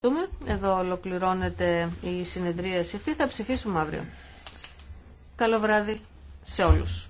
Δούμε. Εδώ ολοκληρώνεται η συνεδρίαση αυτή. Θα ψηφίσουμε αύριο. Καλό βράδυ σε όλους.